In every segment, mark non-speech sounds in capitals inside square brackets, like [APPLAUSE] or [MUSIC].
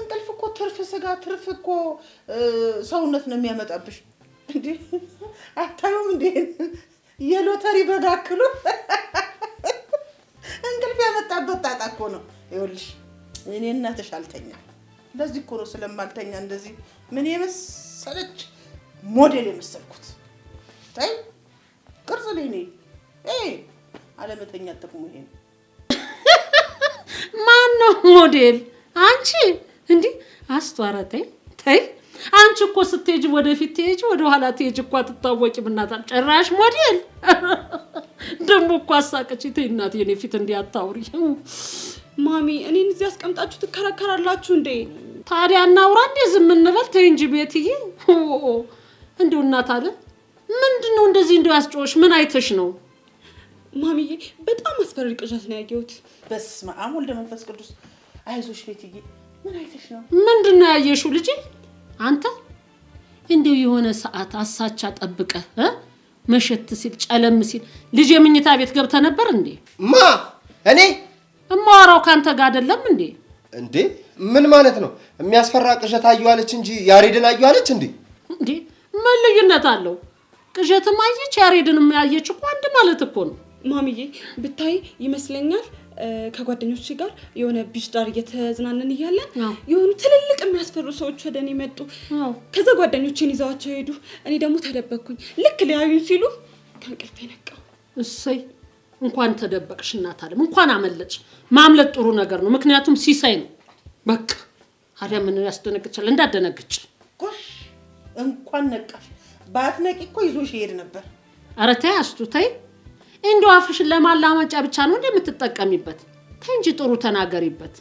እንቅልፍ እኮ ትርፍ ስጋ ትርፍ እኮ ሰውነት ነው የሚያመጣብሽ። እንዲ አታዩም? እንዴ የሎተሪ በጋክሉ እንቅልፍ ያመጣበት ጣጣ እኮ ነው። ይኸውልሽ እኔ እናትሽ አልተኛ። ለዚህ እኮ ነው ስለማልተኛ እንደዚህ ምን የመሰለች ሞዴል የመሰልኩት። ታይ ቅርጽ ላይ ኔ አለመተኛ ጥቅሙ ይሄ ነው። ማን ነው ሞዴል አንቺ? እንዲህ አስተዋረጠኝ። ተይ አንቺ እኮ ስትሄጂ ወደፊት ወደ ኋላ ትሄጂ እኮ አትታወቂም። እናት ጭራሽ ሞዴል [LAUGHS] ደግሞ እኮ አሳቀች። ተይ እናት የኔ ፊት እንዲህ አታውሪ። [LAUGHS] ማሚ እኔን እዚህ አስቀምጣችሁ ትከራከራላችሁ እንዴ? ታዲያ እናውራ እንዴ? ዝም እንበል። ተይ እንጂ ቤትዬ። [LAUGHS] እንደው እናት አለ ምንድን ነው እንደዚህ እንደው ያስጮሽ? ምን አይተሽ ነው? ማሚዬ በጣም አስፈሪ ቅዠት ነው ያየሁት። በስመ አብ ወልደ መንፈስ ቅዱስ። አይዞሽ ቤትዬ ምንድን ነው ያየሽው ልጄ? አንተ እንዲሁ የሆነ ሰዓት አሳቻ ጠብቀ መሸት ሲል ጨለም ሲል ልጅ የምኝታ ቤት ገብተ ነበር እንዴ? ማ እኔ እማወራው ካንተ ጋር አይደለም እንዴ? እንዴ ምን ማለት ነው? የሚያስፈራ ቅዠት አየዋለች እንጂ ያሬድን አየዋለች እንዴ? እንዴ ምን ልዩነት አለው? ቅዠትም አየች ያሬድንም ያየች እኮ አንድ ማለት እኮ ነው። ማሚዬ ብታይ ይመስለኛል ከጓደኞች ጋር የሆነ ቢች ዳር እያለን የሆኑ ትልልቅ የሚያስፈሩ ሰዎች ወደ እኔ መጡ። ከዛ ጓደኞችን ይዘዋቸው ሄዱ። እኔ ደግሞ ተደበቅኩኝ። ልክ ሊያዩኝ ሲሉ ከእንቅልፍ የነቃው እሰይ እንኳን ተደበቅሽ እናት አለም እንኳን አመለጭ ማምለጥ ጥሩ ነገር ነው፣ ምክንያቱም ሲሳይ ነው። በቃ ታዲያ ምን ያስደነግጫል? እንዳደነግጭ ጎሽ እንኳን ነቃሽ። ባትነቂ እኮ ይዞሽ ይሄድ ነበር። ኧረ ተይ አስቱ ተይ እንዲ አፍሽን ለማላመጫ ብቻ ነው እንደምትጠቀሚበት እንጂ ጥሩ ተናገሪበት።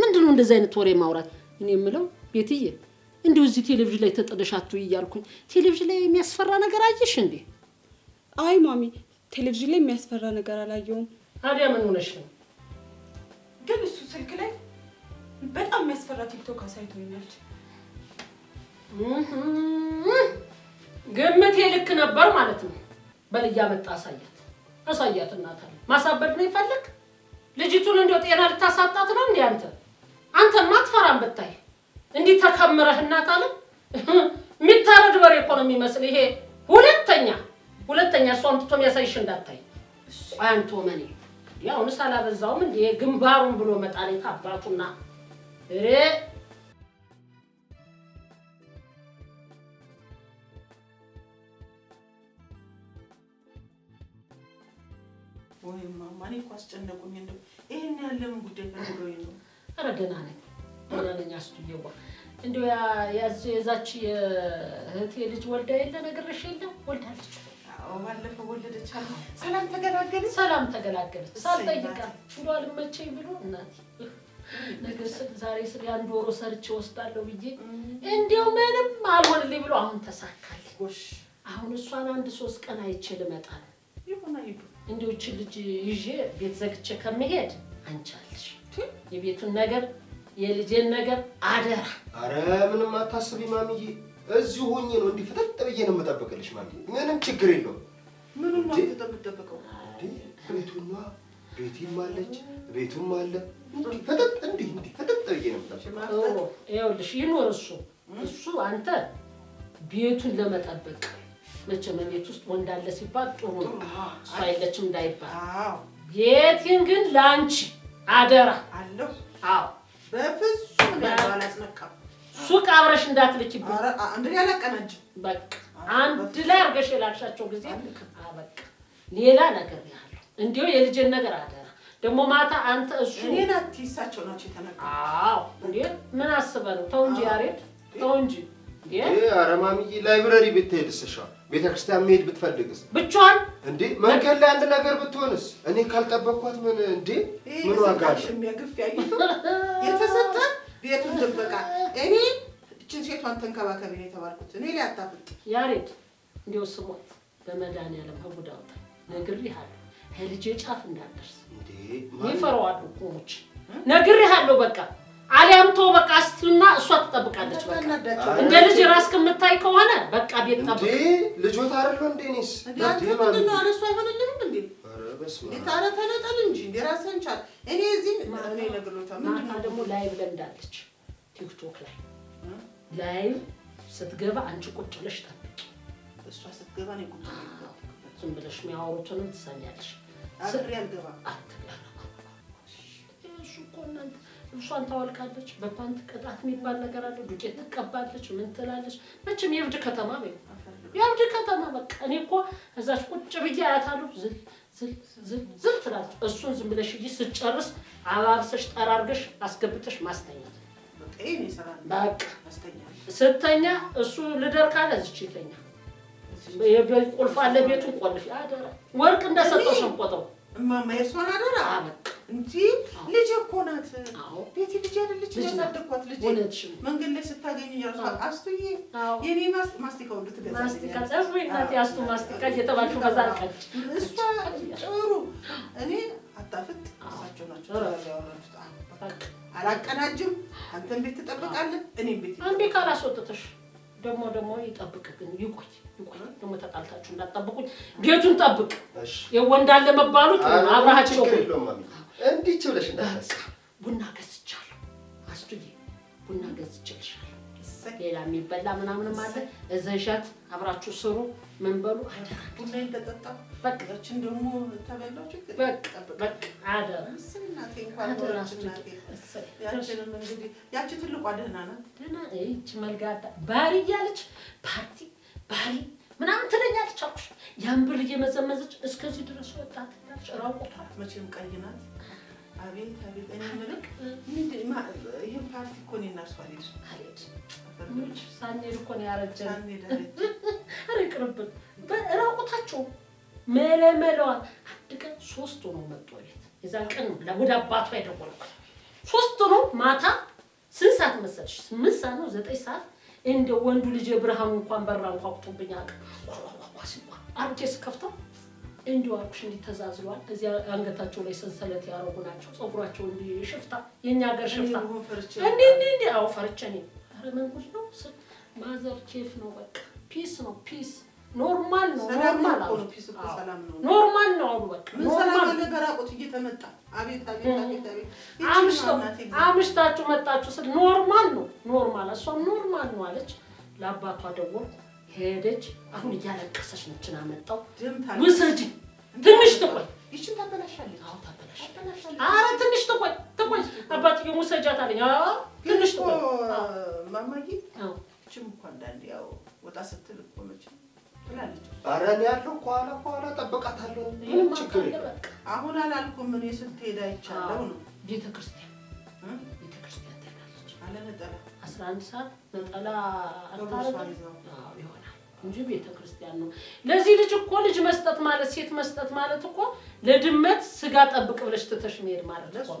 ምንድነው እንደዚህ አይነት ወሬ ማውራት? እኔ የምለው ቤትዬ እንዲሁ እዚህ ቴሌቪዥን ላይ ተጥለሻቱ እያልኩኝ ቴሌቪዥን ላይ የሚያስፈራ ነገር አየሽ እንዴ? አይ ማሚ፣ ቴሌቪዥን ላይ የሚያስፈራ ነገር አላየውም። ታዲያ ምን ሆነሽ ነው? ግን እሱ ስልክ ላይ በጣም የሚያስፈራ ቲክቶክ አሳይቶኛል። ግምቴ ልክ ነበር ማለት ነው። በል እያመጣ አሳያት አሳያት። እናታለ ማሳበድ ነው ይፈልግ ልጅቱን እንዲያው ጤና ልታሳጣት ነው እንዴ? አንተ አንተ ማትፈራም ብታይ እንዲህ ተከምረህ እናታለ የሚታረድ በሬ እኮ ነው የሚመስል ይሄ። ሁለተኛ ሁለተኛ እሷ አምጥቶ የሚያሳይሽ እንዳታይ አንቶ መኔ ያው ንሳላ በዛውም እንዴ ግንባሩን ብሎ መጣኔታ አባቱና እማማ እኔ እኮ አስጨነቁኝ። እንደው ይሄን ያህል ለምን ጉዳይ ፈልገውኝ ነው? ኧረ ደህና ነኝ ደህና ነኝ። አስቱዬዋ እንደው የዛች የእህቴ ልጅ ወልዳ የለ ወልዳለች። ባለፈው ወለደች ሰላም ተገላገለች፣ ሰላም ተገላገለች። ሳልጠይቃት ብሎ አልመቸኝ ብሎ ዛሬ ወስዳለሁ ብዬ እንዲያው ምንም አልሆንልኝ ብሎ አሁን ተሳካልኝ። አሁን እሷን አንድ ሶስት ቀን እንደው ልጅ ይዤ ቤት ዘግቼ ከመሄድ አንቻልሽ የቤቱን ነገር የልጄን ነገር አደራ። አረ ምንም አታስቢ ማሚዬ፣ እዚሁ ሆኜ ነው እንዲህ ፍጥጥ ብዬ ነው የምጠብቅልሽ ማሚዬ። ምንም ችግር የለው። ምንም ማትጠብቀው ቤቱና ቤቴም አለች ቤቱም አለ። እንዲህ ፍጥጥ እንዲህ እንዲህ ፍጥጥ ብዬ ነው የምጠብቅልሽ። ይኸውልሽ ይኖር እሱ እሱ አንተ ቤቱን ለመጠበቅ መቼም ቤት ውስጥ ወንድ አለ ሲባል ጥሩ ነው፣ እሷ የለችም እንዳይባል። ቤቴን ግን ለአንቺ አደራ አለሁ። አዎ በፍጹም አላስነካም። ሱቅ አብረሽ እንዳትልኪብኝ። በቃ አንድ ላይ አድርገሽ የላልሻቸው ጊዜ አበቃ። ሌላ ነገር ያለ እንዲሁ የልጅን ነገር አደራ። ደግሞ ማታ አንተ እሱ እሳቸው ናቸው የተናገሩት። ምን አስበህ ነው? ተው እንጂ ያሬድ፣ ተው እንጂ። አረማሚ ላይብረሪ ብትሄድ እስሻል ቤተክርስቲያን መሄድ ብትፈልግስ? ብቻዋን እንዴ? መንገድ ላይ አንድ ነገር ብትሆንስ? እኔ ካልጠበኳት ምን እንዴ? ምን ዋጋ የተሰጠ ቤቱን ጥበቃ እኔ እችን ሴቷን ተንከባከቢ ነው የተባልኩት። እኔ ላይ አታፍጥ ያሬድ እንዲው ስሞት በመድኃኒዓለም ህጉዳውታ ነግሬሃለሁ። ከልጄ ጫፍ እንዳትደርስ እንዴ? ይፈራዋል ነግሬሃለሁ። በቃ አሊያም ተው በቃ እስኪና እሷ ትጠብቃለች። በቃ እንደ ልጅ ራስ ከምታይ ከሆነ በቃ ቤት ጠብቅ። ልጆት አይደለ እንዴ? እኔስ ለምዳለች ቲክቶክ ላይ ላይቭ ስትገባ አንቺ ቁጭ ብለሽ ጠብቂ። እሷ ስትገባ ነው ቁጭ ዝም ብለሽ የሚያወሩትንም ትሰሚያለሽ። አትግባ እሱ እኮ እናንተ እሷን ታወልቃለች። በፓንት ቅጣት የሚባል ነገር አለ። ዱቄት ትቀባለች። ምን ትላለች? መቼም የእብድ ከተማ ወይ የእብድ ከተማ በቃ። እኔ እኮ እዛች ቁጭ ብዬ አያታለሁ። ዝል ዝል ዝል ዝል ትላለች። እሱን ዝም ብለሽ እይ። ስጨርስ አባብሰሽ ጠራርገሽ አስገብተሽ ማስተኛት በቃ ስተኛ እሱ ልደር ካለ ዝች ይተኛ። ቁልፍ አለ ቤቱን ቆልፍ። ወርቅ እንደሰጠው ሸንቆጠው እማማ የእሷን አደራ በቃ እንጂ ልጅ እኮ ናት። ቤቲ ልጅ አይደለች ያሳደኳት ልጅ መንገድ ላይ ስታገኙኝ አስቱዬ የኔ ማስቲካው እንድትገዛልኝ አስቱ ማስቲካ እየተባልኩ በዛ አልቀጭ እሷ ጭሩ እኔ አታፍጥ እሳቸው ናቸው አላቀናጅም። አንተን ቤት ትጠብቃለህ፣ እኔም ቤት አንዴ ካላስወጥተሽ ደግሞ ደግሞ ይጠብቅ ግን ይቆይ ይቆይ። ደግሞ ተጣልታችሁ እንዳትጠብቁኝ፣ ቤቱን ጠብቅ። የወንዳለ መባሉት አብረሃቸው እንዲች ብለሽ ቡና ገዝቻለሁ። አስቱዬ ቡና ገዝቼልሻለሁ። ሌላ የሚበላ ምናምንም አለ እዛ አብራችሁ ስሩ። ምን በሉ ቡና ተበላችሁ። ያቺ ትልቋ ደህና ናት። ደህና ይህች መልጋዳ ባህሪ እያለች ፓርቲ ባህሪ ምናምን ትለኛለች አልኩሽ። ያን ብር እየመዘመዘች እስከዚህ ድረስ ወጣት ያች መቼም ቀይ ናት። [LAUGHS] ራቁታቸው መለመለዋ። አንድ ቀን ሶስት ሆኖ መጡ ቤት። የዛን ቀን ወደ አባቷ የደወልኩት ሶስት ሆኖ ማታ ስንት ሰዓት መሰለሽ? ስምንት ሰዓት ነው ዘጠኝ ሰዓት እንደ ወንዱ ልጅ ብርሃኑ እንኳን በራ እንኳ ቁጡብኝ አቅ አርጄ ስከፍተው እንዲሁ አልኩሽ እንዲህ ተዛዝሏል። እዚያ አንገታቸው ላይ ሰንሰለት ያረጉ ናቸው። ፀጉራቸው እንዲ ሽፍታ፣ የእኛ ሀገር ሽፍታ እንዲህ እንዲህ እንዲህ። አዎ ፈርቼ እኔ ኧረ ምን ነው! ማዘር ኬፍ ነው በቃ ፒስ ነው ፒስ ኖርማል ነው። ኖርማል ነው። ፒስ እኮ አምሽታችሁ መጣችሁ ስል ኖርማል ነው። ኖርማል እሷም ኖርማል ነው አለች። ለአባቷ ደወልኩ፣ ሄደች። አሁን እያለቀሰች ነች። እና ውሰጂ፣ ትንሽ ትቆይ። ይችን ታበላሻለች። አዎ ትንሽ ትቆይ ትቆይ። አባትዬው ውሰጃት አለኝ። ትንሽ ትቆይ ማማዬ። አዎ እኮ አንዳንዴ ያው ወጣ ስትል እኮ መቼም ኧረ እኔ ያለው ከኋላ ከኋላ ጠብቃታለሁ። ምንም ችግር አሁን አላልኩም። እኔ ስትሄድ አይቻለሁ ነው ቤተ ክርስቲያን ትሄዳለች አለ ነጠላ አስራ አንድ ሰዓት ነጠላ ይሆናል እንጂ ቤተ ነው። ለዚህ ልጅ እኮ ልጅ መስጠት ማለት ሴት መስጠት ማለት እኮ ለድመት ስጋ ጠብቅ ብለሽ ትተሽ መሄድ ማለት ነው።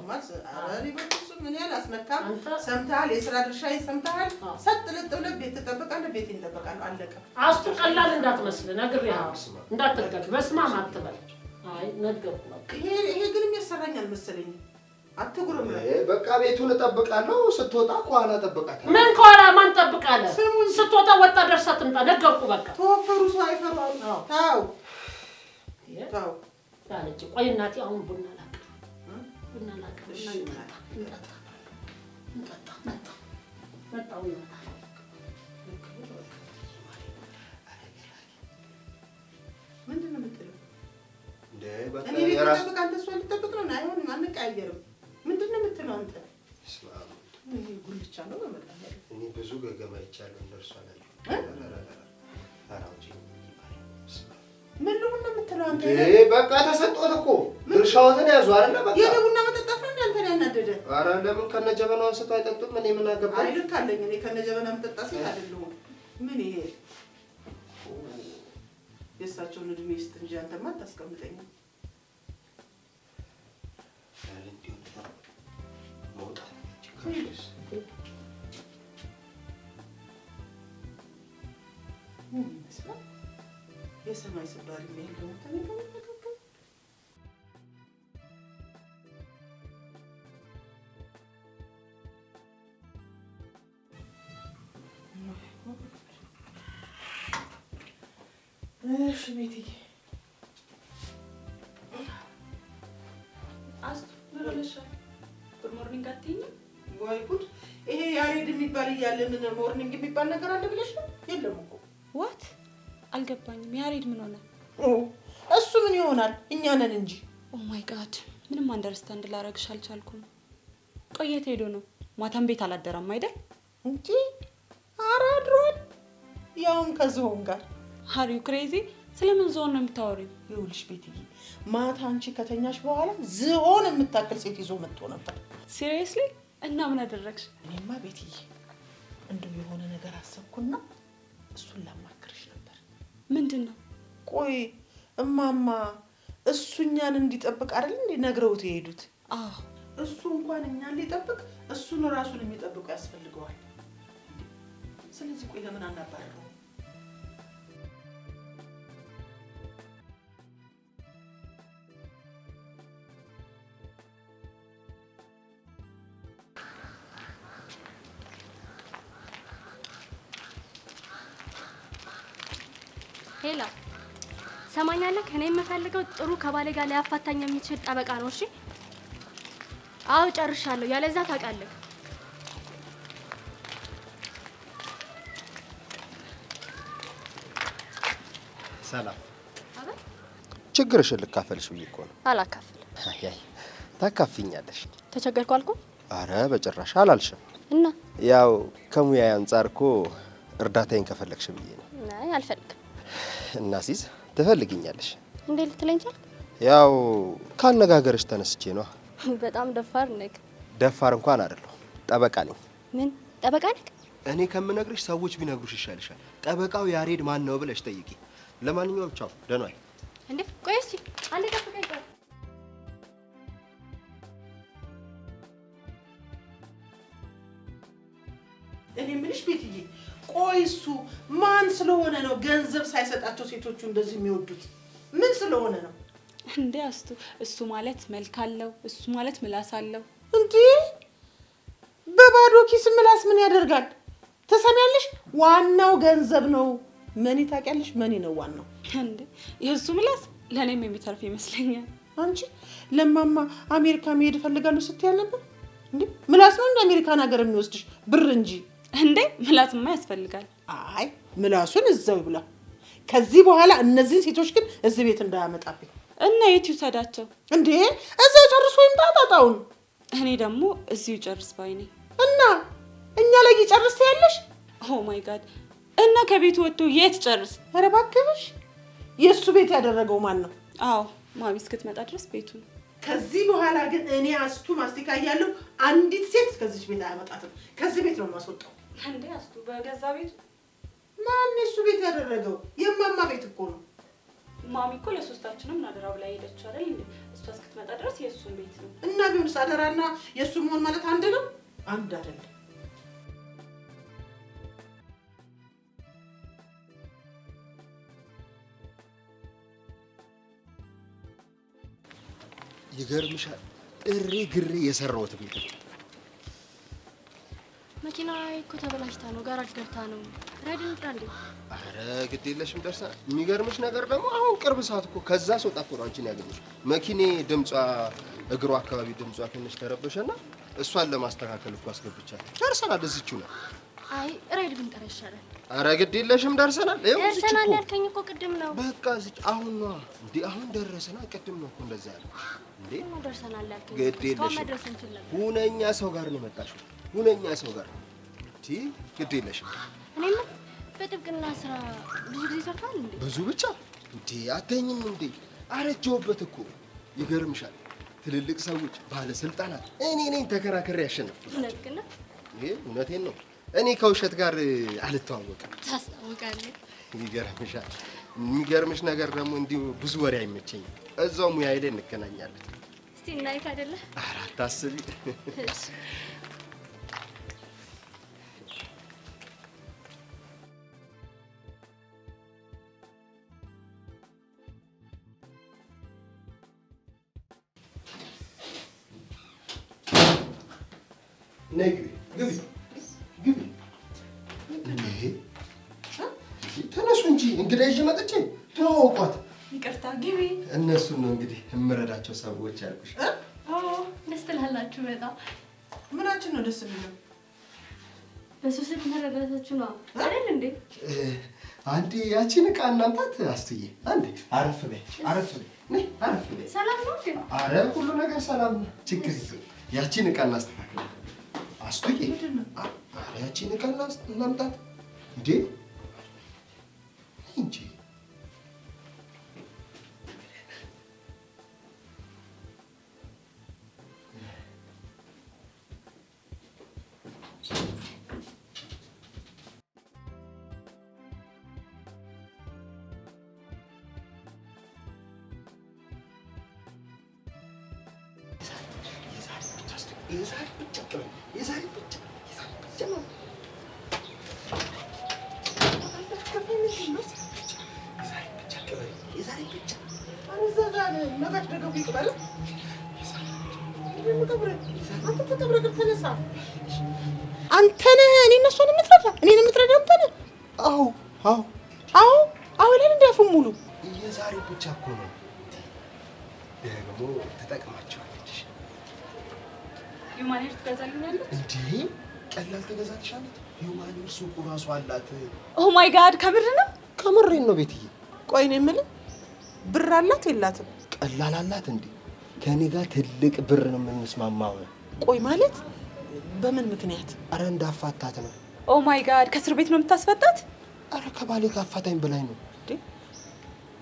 ምን ያህል አስመታም ሰምተሃል? የስራ ድርሻ ሰምተሃል? ሰጥ ልጥ ብለህ ቤት ጠብቅ ቤት ይጠበቃሉ። አለቀ። አስቱ ቀላል እንዳትመስል ነግሬ እንዳትቀል በስማም አትበል። አይ ነገርኩ። ይሄ ግን የሚያሰራኝ አልመሰለኝም። አትጉርም። በቃ ቤቱን እጠብቃለሁ። ስትወጣ ከኋላ እጠብቃታለሁ። ምን ከኋላ ማን ስትወጣ ወጣ ደርሳ ትምጣ። ነገርኩ። በቃ ተወፈሩ ሰው ቆይ እናቴ አሁን ቡና ላቅ ቡና ላቅ እኔ ቤት ልጠብቅ፣ አንተ የምትለው አንተ? ብዙ ገገማ ይቻለሁ እንደርሷ ላይ ምን ልሁን ነው የምትለው አንተ? በቃ ተሰጦት እኮ ድርሻዎትን ያዙ አለ። የእኔ ቡና መጠጣት ነው እንዳንተን ያናደደ። ኧረ ለምን ከነ ጀበናው አንስቶ አይጠጡም? እኔ ምን አገባኝ? ልክ አለኝ። እኔ ከነ ጀበና የምጠጣ ሴት አይደለሁም። ምን ይሄ የእሳቸውን እድሜ ስጥ እንጂ አንተማ አታስቀምጠኝም። የሰማይ ስባሪ የሚያል እሺ ቤትዬ አስቱ ምን ሆነሻል? ጉድ ሞርኒንግ አትይኝም? ወይ ጉድ! ይሄ ያሬድ የሚባል እያለ ምን ሞርኒንግ የሚባል ነገር አለ ብለሽ ነው? የለም እኮ ዋት አልገባኝም። ያሬድ ምን ሆነ? እሱ ምን ይሆናል? እኛ ነን እንጂ። ኦ ማይ ጋድ! ምንም አንደርስታንድ ላደርግሽ አልቻልኩም። ቆየት ሄዶ ነው። ማታም ቤት አላደረም አይደል? እንጂ ኧረ ያውም ከዝሆን ጋር አሪው ክሬዚ ስለምን ዝሆን ነው የምታወሪው? ይኸውልሽ ቤትዬ፣ ማታ አንቺ ከተኛሽ በኋላ ዝሆን የምታክል ሴት ይዞ መጥቶ ነበር። ሲሪየስሊ? እና ምን አደረግሽ? እኔማ ቤትዬ እንደው የሆነ ነገር አሰብኩና እሱን ላማክርሽ ነበር። ምንድን ነው? ቆይ እማማ እሱ እኛን እንዲጠብቅ አይደል እንዴ ነግረውት የሄዱት? አዎ እሱ እንኳን እኛን ሊጠብቅ እሱን ራሱን የሚጠብቁ ያስፈልገዋል። ስለዚህ ቆይ ለምን አናባረሩ ሄላ ሰማኛለህ? እኔ የምፈልገው ጥሩ ከባሌ ጋር ሊያፋታኝ የሚችል ጠበቃ ነው። እሺ? አዎ ጨርሻለሁ። ያለዛ ታውቃለህ። ሰላም ችግርሽን ልካፈልሽ ብዬ እኮ ነው። አላካፍልም። ታካፍኛለሽ። ተቸገርኩ አልኩ? አረ በጭራሽ አላልሽም። እና ያው ከሙያ አንጻር እኮ እርዳታዬን ከፈለግሽ ብዬ ነው። አይ አልፈልግም። እናስይዝ ትፈልግኛለሽ እንዴ? ልትለኝ ቻልክ? ያው ካነጋገርሽ ተነስቼ ነዋ። በጣም ደፋር ነክ። ደፋር እንኳን አይደለሁ፣ ጠበቃ ነኝ። ምን ጠበቃ ነክ? እኔ ከምነግርሽ ሰዎች ቢነግሩሽ ይሻልሻል። ጠበቃው ያሬድ ማን ነው ብለሽ ጠይቂ። ለማንኛውም ቻው፣ ደህና እንዴ ቆይ እስኪ አንዴ ጠብቀኝ። እኔ ምንሽ ቤትዬ፣ ቆይሱ ማን ስለሆነ ነው ገንዘብ ሳይሰጣቸው ሴቶቹ እንደዚህ የሚወዱት? ምን ስለሆነ ነው እንዴ? አስቱ እሱ ማለት መልክ አለው፣ እሱ ማለት ምላስ አለው። እንዴ በባዶ ኪስ ምላስ ምን ያደርጋል? ተሰሚያለሽ? ዋናው ገንዘብ ነው። መኒ ታውቂያለሽ? መኒ ነው ዋናው። እንዴ የእሱ ምላስ ለእኔም የሚተርፍ ይመስለኛል። አንቺ ለማማ አሜሪካ መሄድ እፈልጋለሁ ስትይ አልነበር እንዴ? ምላስ ነው እንደ አሜሪካን ሀገር የሚወስድሽ ብር እንጂ እንዴ ምላስማ ያስፈልጋል። አይ ምላሱን እዛው ይብላ። ከዚህ በኋላ እነዚህን ሴቶች ግን እዚህ ቤት እንዳያመጣብኝ እና የት ይውሰዳቸው እንዴ? እዛው ጨርሶ ይምጣ ጣጣውን። እኔ ደግሞ እዚሁ ጨርስ ባይ እና እኛ ላይ ይጨርስ ያለሽ። ኦ ማይ ጋድ! እና ከቤቱ ወጥቶ የት ጨርስ? ኧረ እባክሽ የእሱ ቤት ያደረገው ማን ነው? አዎ ማሚ እስክትመጣ ድረስ ቤቱ ነው። ከዚህ በኋላ ግን እኔ አስቱ ማስቲካ እያለሁ አንዲት ሴት ከዚች ቤት አያመጣትም። ከዚህ ቤት ነው የማስወጣው። እንዴ አስቱ በገዛ ቤቱ ማን እሱ ቤት ያደረገው? የማማ ቤት እኮ ነው። ማሚ እኮ ለሶስታችንም አደራ ብላ ሄደች አይደል እንዴ? እሷ እስክትመጣ ድረስ የእሱን ቤት ነው እና ቢሆንስ አደራና የእሱ መሆን ማለት አንድ ነው? አንድ አይደለም። ይገርምሻል፣ እሬ ግሬ የሰራሁት ቤት መኪና እኮ ተበላሽታ ነው፣ ጋራጅ ገብታ ነው። ራይድ እንውጣ እንዴ? አረ ግድ የለሽም ደርሳ። የሚገርምሽ ነገር ደግሞ አሁን ቅርብ ሰዓት እኮ ከዛ ሰው ጣፎ ነው አንቺን ያገኘሽ። መኪኔ ድምጿ እግሯ አካባቢ ድምጿ ትንሽ ተረበሸና እሷን ለማስተካከል እኮ አስገብቻለሁ። ደርሰናል፣ እዚችው ነው። አይ ራይድ ብንጠራ ይሻላል። አረ ግድ የለሽም ደርሰናል። ደርሰናል ያልከኝ እኮ ቅድም ነው። በቃ እዚች አሁን ነ እንዴ? አሁን ደረሰና ቅድም ነው እኮ እንደዛ ያለ እንዴ? ደርሰናል ያልከኝ። ግድ የለሽም ሁነኛ ሰው ጋር ነው የመጣሽው ሁነኛ ሰው ጋር እቲ ግድ የለሽም። እኔም በጥብቅና ስራ ብዙ ጊዜ ሰርታል እንዴ? ብዙ ብቻ እንዴ አተኝም እንዴ? አረጀውበት እኮ ይገርምሻል። ትልልቅ ሰዎች፣ ባለስልጣናት እኔ ነኝ ተከራከሪ ያሸነፍኩት። ይሄ እውነቴን ነው። እኔ ከውሸት ጋር አልተዋወቅም። ታስታውቃለህ። ይገርምሻል። የሚገርምሽ ነገር ደግሞ እንዲሁ ብዙ ወሬ አይመቸኝም። እዛው ሙያ ሄደን እንገናኛለን። እስቲ እናይክ አይደለ? አራት አስቢ ነይ ግቢ ግቢ ግቢ። ተነሱ እንጂ እንግዳ ይዤ መጥቼ ተዋወቋት። ይቅርታ ግቢ። እነሱን ነው እንግዲህ የምረዳቸው ሰዎች ያልኩሽ። ደስ ትላላችሁ በጣም። ምናችን ነው ደስ የሚለው? በሱ ስል ነው አይደል እንዴ? አንዴ ያቺን ዕቃ እናምጣት አስትዬ። አንዴ አረፍ በይ አረፍ በይ አረፍ በይ። ሰላም ነው? ኧረ ሁሉ ነገር ሰላም ነው። ችግር ያቺን ዕቃ እናስተካክል አስቶ ይሄድን አሪያችን ቀን እናምጣት እንዴ እንጂ የዛሬ ብቻ ጥበብ፣ የዛሬ ብቻ የዛሬ ብቻ ነው። አንተ ነህ እኔ እነሱን የምትረዳ እኔን የምትረዳ አንተ ነህ። አዎ አዎ አዎ አዎ ላይ እንዳፉ ሙሉ የዛሬ ብቻ እኮ ነው ደግሞ ተጠቅማቸው ዩማኔር ትገዛልኛለች? እንዲህ ቀላል ትገዛልሻለች? ዩማኔር ሱቁ ራሱ አላት። ኦ ማይ ጋድ! ከምር ነው? ከምሬን ነው ቤትዬ። ቆይ እኔ የምልህ ብር አላት የላትም? ቀላል አላት እንዴ? ከእኔ ጋር ትልቅ ብር ነው የምንስማማው። ቆይ ማለት በምን ምክንያት? አረ እንዳፋታት ነው። ኦ ማይ ጋድ! ከእስር ቤት ነው የምታስፈታት? አረ ከባሌ ጋር አፋታኝ ብላኝ ነው።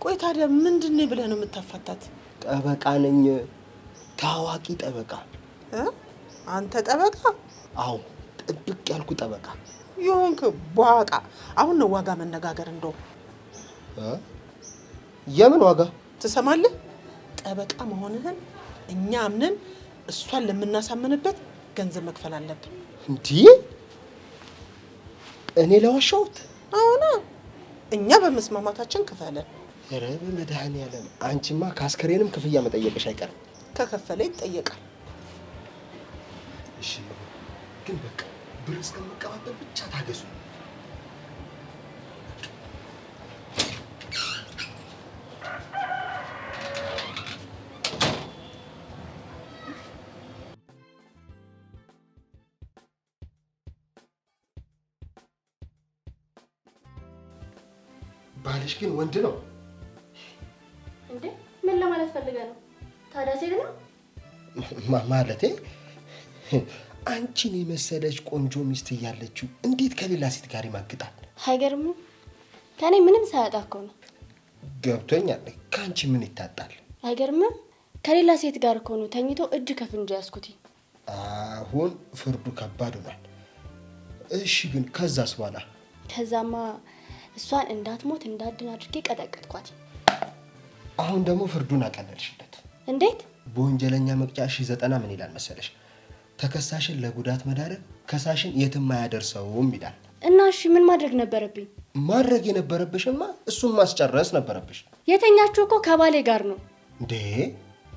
ቆይ ታዲያ ምንድን ነው ብለህ ነው የምታፋታት? ጠበቃ ነኝ፣ ታዋቂ ጠበቃ አንተ ጠበቃ? አዎ ጥብቅ ያልኩ ጠበቃ ይሁንክ በዋቃ። አሁን ነው ዋጋ መነጋገር። እንደው የምን ዋጋ ትሰማለህ? ጠበቃ መሆንህን እኛ አምነን እሷን ለምናሳምንበት ገንዘብ መክፈል አለብን። እንዲህ እኔ ለዋሻውት አሁና እኛ በመስማማታችን ክፈለን። ኧረ ያለ አንቺማ ከአስከሬንም ክፍያ መጠየቅሽ አይቀርም። ከከፈለ ይጠየቃል። እሺ ግን በቃ ብር እስከምቀባበል ብቻ ታገሱ። ባልሽ ግን ወንድ ነው እንዴ? ምን ለማለት ፈልገህ ነው? ታዲያ ሴት ነው ማለቴ አንቺን የመሰለች ቆንጆ ሚስት እያለችው እንዴት ከሌላ ሴት ጋር ይማግጣል? አይገርምም? ከኔ ምንም ሳያጣ እኮ ነው። ገብቶኛል። ከአንቺ ምን ይታጣል? አይገርምም? ከሌላ ሴት ጋር እኮ ነው ተኝቶ እጅ ከፍንጅ ያስኩት። አሁን ፍርዱ ከባድ ሆኗል። እሺ፣ ግን ከዛስ በኋላ? ከዛማ እሷን እንዳትሞት እንዳድን አድርጌ ቀጠቀጥኳት። አሁን ደግሞ ፍርዱን አቀለልሽለት። እንዴት? በወንጀለኛ መቅጫ ሺህ ዘጠና ምን ይላል መሰለሽ ተከሳሽን ለጉዳት መዳረግ ከሳሽን የትም አያደርሰውም ይላል። እና እሺ ምን ማድረግ ነበረብኝ? ማድረግ የነበረብሽማ እሱን ማስጨረስ ነበረብሽ። የተኛችሁ እኮ ከባሌ ጋር ነው እንዴ?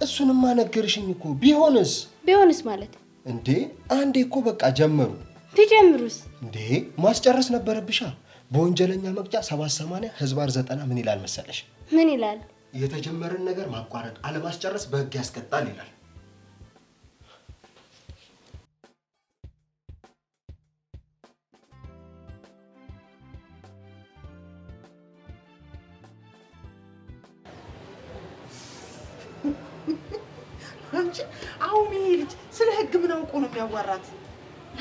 እሱንማ ነገርሽኝ እኮ። ቢሆንስ ቢሆንስ ማለት እንዴ? አንዴ እኮ በቃ ጀመሩ። ቢጀምሩስ እንዴ? ማስጨረስ ነበረብሻ። በወንጀለኛ መቅጫ 78 ህዝባር 90 ምን ይላል መሰለሽ? ምን ይላል? የተጀመረን ነገር ማቋረጥ አለማስጨረስ በህግ ያስቀጣል ይላል። አውቆ ነው የሚያዋራት?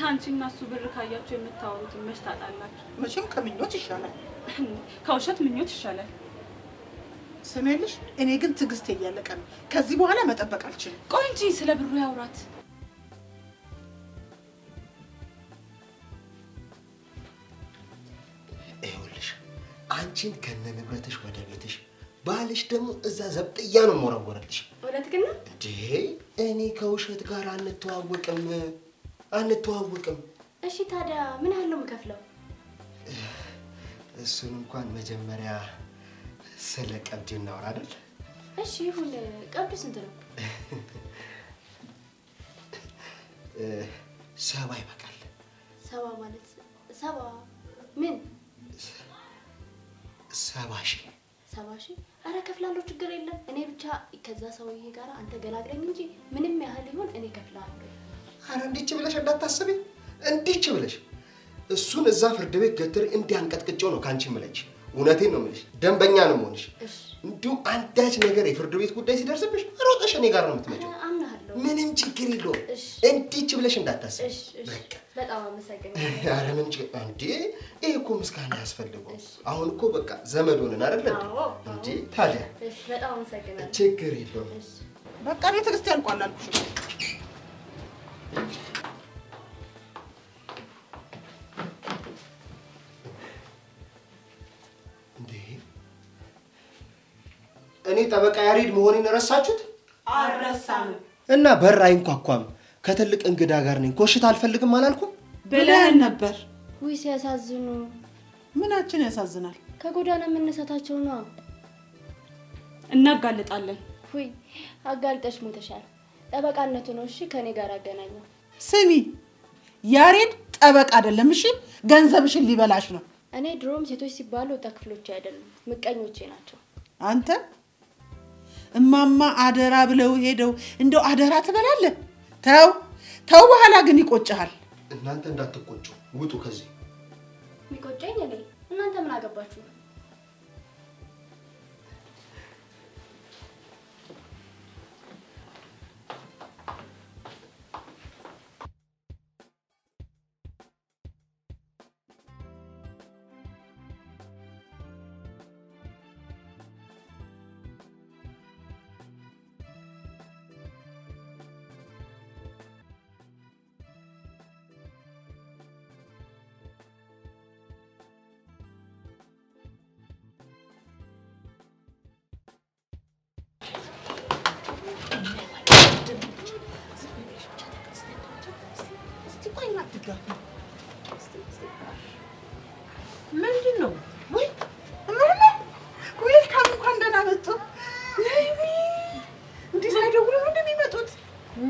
አንቺ እና እሱ ብር ካያችሁ የምታወሩትን መች ታጣላችሁ? መቼም ከምኞት ይሻላል፣ ከውሸት ምኞት ይሻላል። ስሜልሽ፣ እኔ ግን ትዕግስት እያለቀ ነው። ከዚህ በኋላ መጠበቅ አልችልም። ቆይ እንጂ ስለ ብሩ ያውራት። ይኸውልሽ፣ አንቺን ከነ ንብረትሽ ወደ ቤትሽ፣ ባልሽ ደግሞ እዛ ዘብጥያ ነው መወረወረልሽ። እውነት ግን ነው እኔ ከውሸት ጋር አንተዋወቅም አንተዋወቅም። እሺ ታዲያ ምን ያህል ነው የምከፍለው? እሱን እንኳን መጀመሪያ ስለ ቀብድ እናወራ አይደል? እሺ ይሁን። ቀብድ ስንት ነው? ሰባ ይበቃል። ሰባ ማለት ሰባ ምን? ሰባ ሺህ ሰባ ሺህ አረ ከፍላለሁ፣ ችግር የለም እኔ ብቻ ከዛ ሰውዬ ጋር አንተ ገላግለኝ እንጂ ምንም ያህል ይሁን እኔ ከፍላለሁ። አረ እንዲች ብለሽ እንዳታስቢ፣ እንዲች ብለሽ እሱን እዛ ፍርድ ቤት ገትር እንዲያንቀጥቅጨው ነው ከአንቺ ምለች። እውነቴን ነው የምልሽ፣ ደንበኛ ነው የምሆንሽ። እንዲሁ አንዳች ነገር የፍርድ ቤት ጉዳይ ሲደርስብሽ ሮጠሽ እኔ ጋር ነው የምትመጪው። ምንም ችግር የለውም። እንዲች ብለሽ እንዳታስብ። በጣም ችግር እንዴ! ይህ እኮ ምስጋና ያስፈልገው። አሁን እኮ በቃ ዘመድ ሆነን አይደለ እንዴ? ታዲያ ችግር የለውም። በቃ ቤተ ክርስቲያን እንኳን እኔ ጠበቃ ያሬድ መሆኔን ረሳችሁት? አልረሳንም። እና በር አይንኳኳም። ከትልቅ እንግዳ ጋር ነኝ። ኮሽታ አልፈልግም አላልኩም ብለን ነበር። ውይ ሲያሳዝኑ። ምናችን ያሳዝናል? ከጎዳና መነሳታቸው ነው። እናጋልጣለን። ውይ አጋልጠሽ ሞተሻል። ጠበቃነቱ ነው። እሺ ከኔ ጋር አገናኘው። ስሚ ያሬድ ጠበቃ አይደለም። እሺ ገንዘብሽን ሊበላሽ ነው። እኔ ድሮም ሴቶች ሲባሉ ወጣ ክፍሎች አይደሉም ምቀኞቼ ናቸው። አንተ እማማ አደራ ብለው ሄደው እንደው አደራ ትበላለህ። ተው ተው፣ በኋላ ግን ይቆጭሃል። እናንተ እንዳትቆጩ፣ ውጡ ከዚህ። ይቆጨኝ? እናንተ ምን አገባችሁ?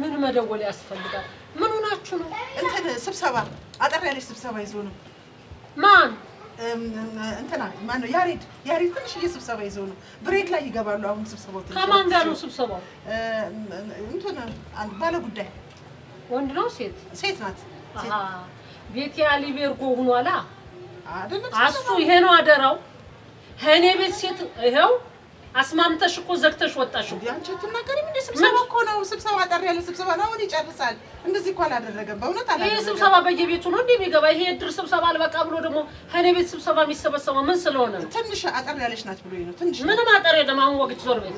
ምን መደወል ያስፈልጋል? ምን ሆናችሁ ነው? እንትን ስብሰባ አጠር ያለች ስብሰባ ይዞ ነው። ማን እንትና ማን ማነው? ያሬድ ያሬድ ትንሽዬ ስብሰባ ይዞ ነው። ብሬክ ላይ ይገባሉ። አሁን ስብሰባው ከማን ጋር ነው ስብሰባው? እንትን ባለ ጉዳይ ወንድ ነው ሴት? ሴት ናት። ቤት ያሊ ቤርጎ ሆኗላ። እሱ ይሄ ነው አደራው። እኔ ቤት ሴት ይኸው አስማምተሽ እኮ ዘግተሽ ወጣሽ እኮ። አንቺ አትናገሪም እንዴ? ስብሰባ እኮ ነው። ስብሰባ ጠር ያለ ስብሰባ ነው። አሁን ይጨርሳል። እንደዚህ እኮ አላደረገም። በእውነት አላደረገም። ይሄ ስብሰባ በየቤቱ ነው እንዴ የሚገባ? ይሄ እድር ስብሰባ አልበቃ ብሎ ደግሞ ከእኔ ቤት ስብሰባ የሚሰበሰበው ምን ስለሆነ ትንሽ አጠር ያለች ናት ብሎ ነው። ትንሽ ምንም አጠር የለም። አሁን ወግጅ ዞር ቤት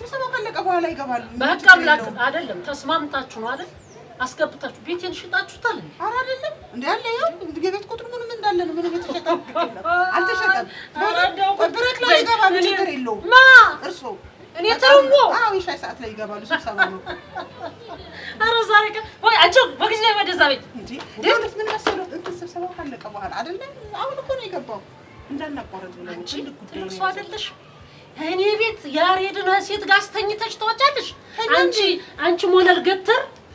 ስብሰባ ካለቀ በኋላ ይገባሉ። በቃ አምላክ አይደለም ተስማምታችሁ ነው አይደል? አስገብታችሁ ቤቴን ሽጣችሁታል? ኧረ አይደለም እንዴ ያለ ያው እንግዲህ ቤት ቁጥር ምን እንዳለ ነው። ምንም የተሸጠ አልተሸጠም። ብረት ላይ ይገባሉ፣ ችግር የለውም። ማ እርሶ እኔ ተውሎ አዎ፣ ሻይ ሰዓት ላይ ይገባሉ፣ ስብሰባ ነው። ኧረ ዛሬ ቀን ወይ አቸው በጊዜ ወደዛ ቤት እንዴ ደግሞ ምን መሰለው እንትን ስብሰባው ካለቀ በኋላ አይደለም። አሁን እኮ ነው የገባው እንዳናቋረጥ ብለው እንጂ እርሶ አይደለሽ እኔ ቤት ያሬድን ሴት ጋር አስተኝተሽ ተወጫለሽ። አንቺ አንቺ ሞለል ገትር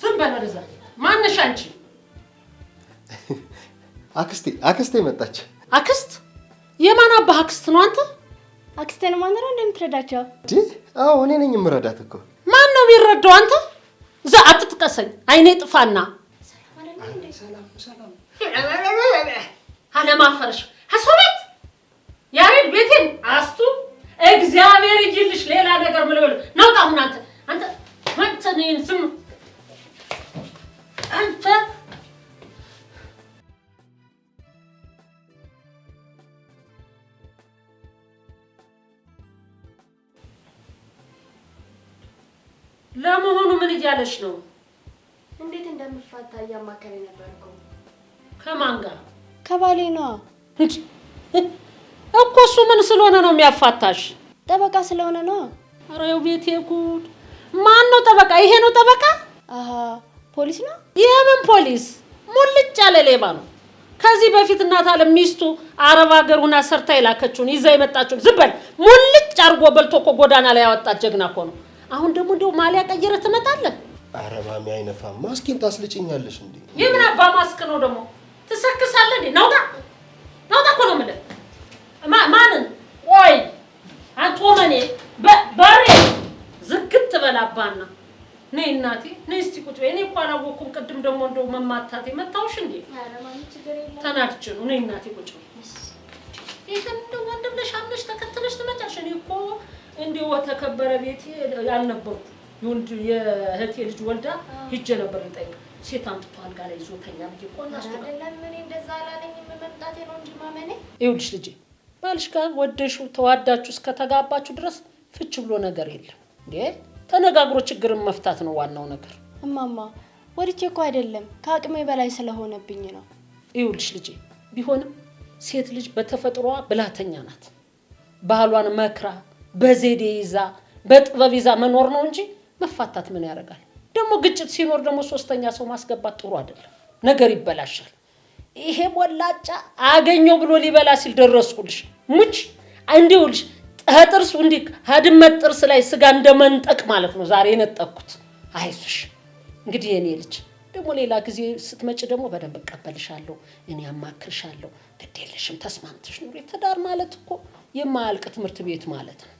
ዝም በል ወደዛ። ማነሽ አንቺ? [LAUGHS] አክስቴ አክስቴ መጣች። አክስት? የማን አባህ አክስት ነው አንተ? አክስቴን ማን ነው እንደምትረዳቸው? አዎ እኔ ነኝ የምረዳት እኮ። ማን ነው የሚረዳው አንተ? እዛ አትጥቀሰኝ፣ አይኔ ጥፋና። አለማፈርሽ ሀሶበት ያሬድ ቤቴን አስቱ እግዚአብሔር ይጅልሽ። ሌላ ነገር ምን አንተ አንተ አንተ ለመሆኑ ምን እያለች ነው? እንዴት እንደምፋታ እያማከረ ነበር እኮ። ከማን ጋር? ከባሌ ነዋ። እኮ እሱ ምን ስለሆነ ነው የሚያፋታሽ? ጠበቃ ስለሆነ ነዋ። ኧረ ይኸው ቤቴ ጉድ! ማን ነው ጠበቃ? ይሄ ነው ጠበቃ ፖሊስ ነው። የምን ፖሊስ? ሙልጭ ያለ ሌባ ነው። ከዚህ በፊት እናት አለ ሚስቱ አረብ ሀገር ሁና ሰርታ የላከችውን ይዛ የመጣችውን ዝበል ሙልጭ አድርጎ በልቶ እኮ ጎዳና ላይ ያወጣት ጀግና እኮ ነው። አሁን ደግሞ እንደው ማሊያ ቀየረ ትመጣለህ። አረ ማሚ አይነፋ፣ ማስኪን ታስልጭኛለሽ እንዴ? የምን አባ ማስክ ነው ደግሞ ትሰክሳለህ እንዴ? ናውጣ ናውጣ እኮ ነው የምልህ። ማንን? ቆይ አንተ ወመኔ በሬ ዝግት በላባና ነይ እናቴ ነይ እስቲ ቁጭ በይ። እኔ እኮ አላወኩም። ቅድም ደግሞ እንደው መማታቴ መታውሽ እንዴ? ተናድጄ ነው። ነይ እናቴ ቁጭ በይ። ይሄን እንደው ወንድም ለሻምነሽ ተከትለሽ ትመጫሽ። እኔ እኮ እንደው ወተከበረ ቤቴ ያልነበርኩ የወንድ የእህቴ ልጅ ወልዳ ሂጄ ነበር ልጠይቅ። ሴት አምጥቶ አልጋ ላይ ይዞ ተኛ ብዬ እኮ እናስቶ ይኸውልሽ ልጄ ባልሽ ጋር ወደሹ ተዋዳችሁ እስከተጋባችሁ ድረስ ፍች ብሎ ነገር የለም እንዴ ተነጋግሮ ችግርን መፍታት ነው ዋናው ነገር። እማማ ወድቼ እኮ አይደለም ከአቅሜ በላይ ስለሆነብኝ ነው። ይኸውልሽ ልጄ፣ ቢሆንም ሴት ልጅ በተፈጥሯ ብላተኛ ናት። ባህሏን መክራ በዘዴ ይዛ በጥበብ ይዛ መኖር ነው እንጂ መፋታት ምን ያደርጋል? ደግሞ ግጭት ሲኖር ደግሞ ሶስተኛ ሰው ማስገባት ጥሩ አይደለም፣ ነገር ይበላሻል። ይሄ ሞላጫ አገኘው ብሎ ሊበላ ሲል ደረስኩልሽ ሙች እንዲውልሽ ጥርሱ እንዲህ ሀድመት ጥርስ ላይ ስጋ እንደመንጠቅ ማለት ነው። ዛሬ የነጠቅኩት አይሱሽ። እንግዲህ የኔ ልጅ ደግሞ ሌላ ጊዜ ስትመጪ ደግሞ በደንብ እቀበልሻለሁ፣ እኔ አማክርሻለሁ። ግድ የለሽም ተስማምተሽ ኑሪ። ትዳር ማለት እኮ የማያልቅ ትምህርት ቤት ማለት ነው።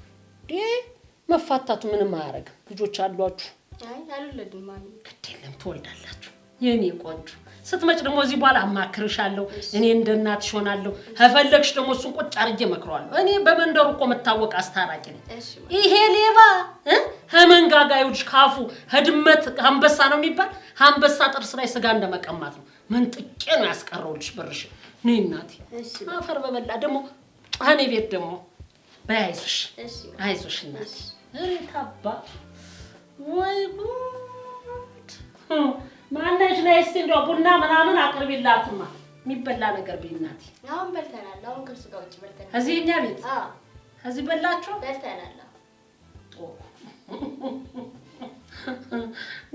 መፋታቱ ምንም አያደርግም። ልጆች አሏችሁ? አይ አልወለድም። ግድ የለም ትወልዳላችሁ የኔ ቆንጆ ስትመጭ ደግሞ እዚህ በኋላ አማክርሻለሁ። እኔ እንደ እናትሽ ሆናለሁ። ከፈለግሽ ደግሞ እሱን ቁጭ አርጌ መክረዋለሁ። እኔ በመንደሩ እኮ የምታወቅ አስታራቂ ነኝ። ይሄ ሌባ ከመንጋጋ ይኸውልሽ፣ ካፉ ህድመት አንበሳ ነው የሚባል አንበሳ ጥርስ ላይ ስጋ እንደመቀማት ነው። ምን ጥቄ ነው ያስቀረውልሽ ብርሽ። ነይ እናቴ፣ አፈር በበላ ደግሞ እኔ ቤት ደግሞ በያይዞሽ፣ አይዞሽ እናቴ። ሬታባ ወይ ጉድ ማነሽ ነይ እስኪ እንደው ቡና ምናምን አቅርቢላትማ የሚበላ ነገር ብይ እናቴ። አሁን በልተናል። አሁን ከእርሱ ጋር ውጭ በልተናል። እዚህ እኛ ቤት እዚህ በላችሁ በልተናል።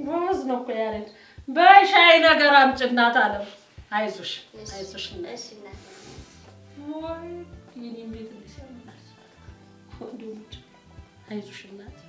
ጎበዝ ነው እኮ ያሬድ። በይ ሻይ ነገር አምጪ እናት አለው። አይዞሽ አይዞሽ እናት